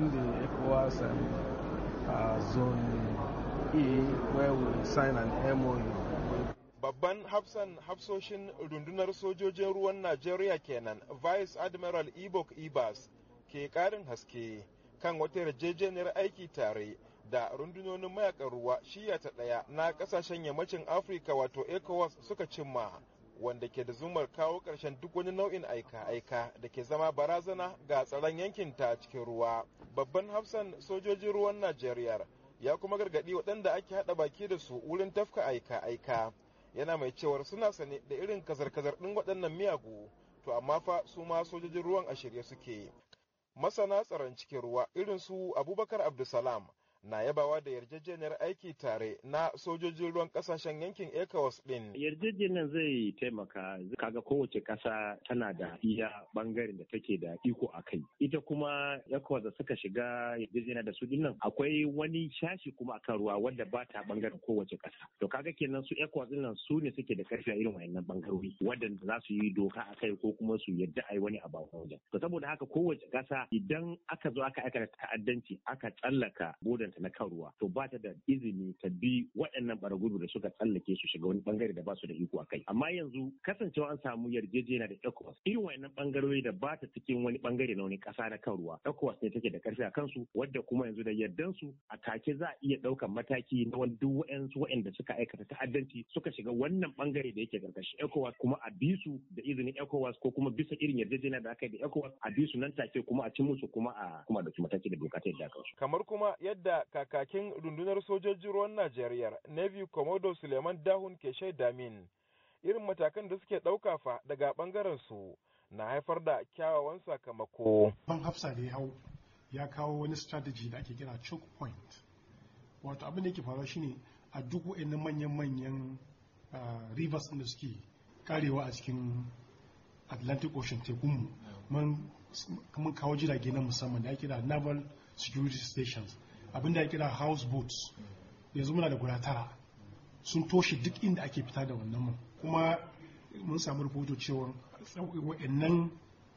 within the ECOWAS and uh, Zone E where we sign an MOU Babban hafsan hafsoshin rundunar sojojin ruwan Najeriya kenan Vice Admiral Ibok Ibas ke karin haske kan wata yarjejeniyar aiki tare da rundunonin mayakan ruwa shiya ta ɗaya na ƙasashen yammacin Afirka wato ECOWAS suka cimma wanda ke da zumar kawo ƙarshen duk wani nau'in aika-aika da ke zama barazana ga tsaron yankin ta cikin ruwa. Babban hafsan sojojin ruwan Najeriya ya kuma gargaɗi waɗanda ake haɗa baki da su wurin tafka aika-aika. Yana mai cewar suna sane da irin kazar-kazar ɗin waɗannan miyagu, to amma fa su ma sojojin ruwan a shirye suke. Masana tsaron cikin ruwa irin su Abubakar Abdulsalam na yabawa da yarjejeniyar aiki tare na sojojin ruwan kasashen yankin ECOWAS din. Yarjejeniyar zai taimaka kaga kowace kasa tana da iya bangaren da take da iko a kai. Ita kuma ECOWAS da suka shiga yarjejeniyar da su dinnan akwai wani shashi kuma akan ruwa wanda ba ta bangaren kowace kasa To kaga kenan su ECOWAS dinnan su ne suke da karfi a irin wayannan bangarori wadanda za su yi doka a kai ko kuma su yadda a yi wani abu a wajen. To saboda haka kowace kasa idan aka zo aka aikata ta'addanci aka tsallaka na kan ruwa to ba ta da izini ta bi waɗannan baragudu da suka tsallake su shiga wani bangare da ba su da iko a kai amma yanzu kasancewa an samu yarjejeniya da ECOWAS irin waɗannan bangarori da ba ta cikin wani bangare na wani ƙasa na kan ruwa ECOWAS ne take da ƙarfi a kansu wadda kuma yanzu da yardan su a take za a iya ɗaukan mataki na wani duk waɗansu waɗanda suka aikata ta'addanci suka shiga wannan bangare da yake karkashin ECOWAS kuma a bi su da izinin ECOWAS ko kuma bisa irin yarjejeniya da aka yi da ECOWAS a bi su nan take kuma a ci musu kuma a kuma da mataki da doka ta yadda kamar kuma yadda kakakin rundunar sojojin ruwan Najeriya Navy Commodore Suleiman Dahun ke shaida irin matakan da suke ɗauka fa daga ɓangaren su na haifar da kyawawan sakamako. Ban hafsa da ya hau ya kawo wani strategy da ake kira choke point. Wato abin da yake faruwa shine a duk wa'annan manyan-manyan rivers da suke karewa a cikin Atlantic Ocean tekunmu mun kawo jirage na musamman da ake kira Naval Security Stations abinda ya kira house boats yanzu muna da guda tara sun toshe duk inda ake fita da wannan mun, kuma mun samu rahoto cewa waɗannan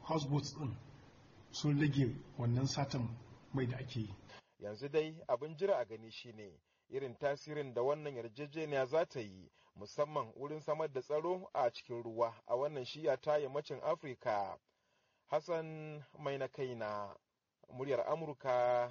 house boats din sun rage wannan satan mai da ake yi yanzu dai abin jira a gani shine irin tasirin da wannan yarjejeniya za ta yi musamman wurin samar da tsaro a cikin ruwa a wannan shiya ta yammacin afirka hassan mai na kai na muryar amurka